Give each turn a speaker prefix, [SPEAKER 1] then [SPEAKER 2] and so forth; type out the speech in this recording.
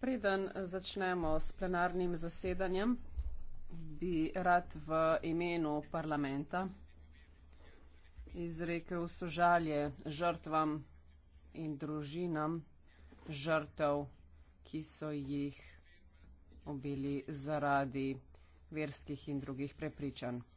[SPEAKER 1] preden začnemo s plenarnim zasedanjem bi rad v imenu parlamenta izrekel sožalje žrtvam in družinam žrtev ki so jih ubili
[SPEAKER 2] zaradi verskih in drugih prepričanj.